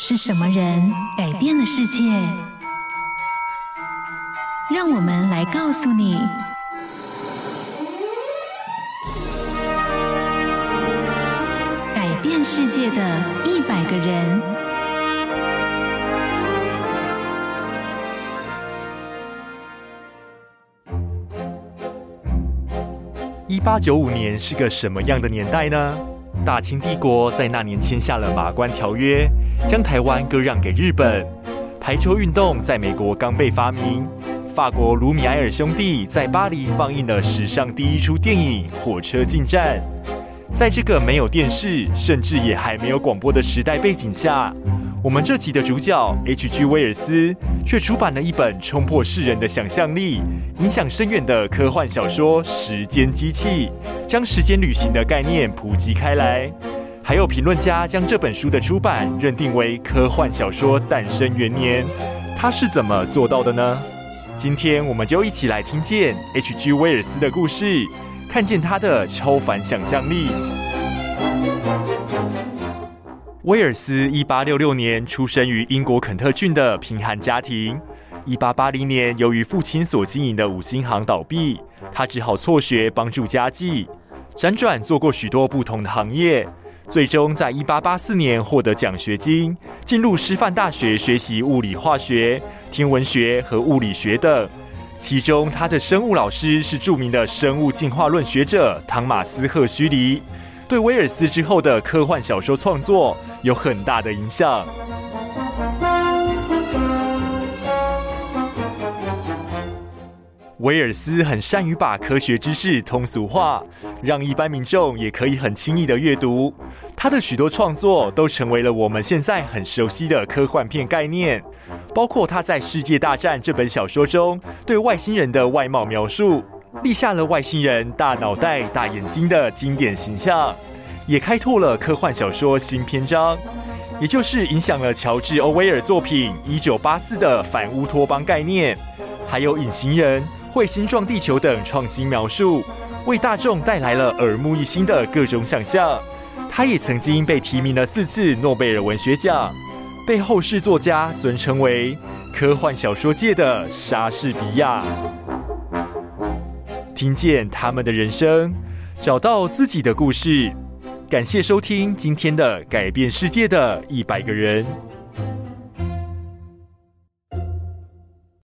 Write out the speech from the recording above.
是什麼人改變了世界？讓我們來告訴你：改變世界的一百個人。一八九五年是個什麼樣的年代呢？大清帝國在那年簽下了《馬關條約》。將臺灣割讓給日本。排球運動在美國剛被發明。法國盧米埃爾兄弟在巴黎放映了史上第一齣電影《火車進站》。在這個沒有電視，甚至也還沒有廣播的時代背景下，我們這集的主角 H.G. 威爾斯卻出版了一本衝破世人的想象力、影響深遠的科幻小說《時間機器》，將時間旅行的概念普及開來。還有評論家將這本書的出版認定為科幻小說誕生元年，他是怎麼做到的呢？今天我們就一起來聽見 H.G. 威爾斯的故事，看見他的超凡想象力。威爾斯一八六六年出生於英國肯特郡的貧寒家庭。一八八零年，由於父親所經營的五金行倒閉，他只好輟學幫助家計，輾轉做過許多不同的行業。最終，在一八八四年獲得獎學金，進入師範大學學習物理化學、天文學和物理學等。其中，他的生物老師是著名的生物進化論學者湯馬斯·赫胥黎，對威爾斯之後的科幻小說創作有很大的影響。威爾斯很善於把科學知識通俗化，讓一般民眾也可以很輕易地閱讀。他的許多創作都成為了我們現在很熟悉的科幻片概念，包括他在《世界大戰》這本小說中對外星人的外貌描述，立下了外星人大腦袋、大眼睛的經典形象，也開拓了科幻小說新篇章，也就是影響了喬治·歐威爾作品《一九八四》的反烏托邦概念，還有隱形人。彗星撞地球等創新描述，為大眾帶來了耳目一新的各種想象。他也曾經被提名了四次諾貝爾文學獎，被後世作家尊稱為科幻小說界的莎士比亞。聽見他們的人生，找到自己的故事。感謝收聽今天的改變世界的一百個人。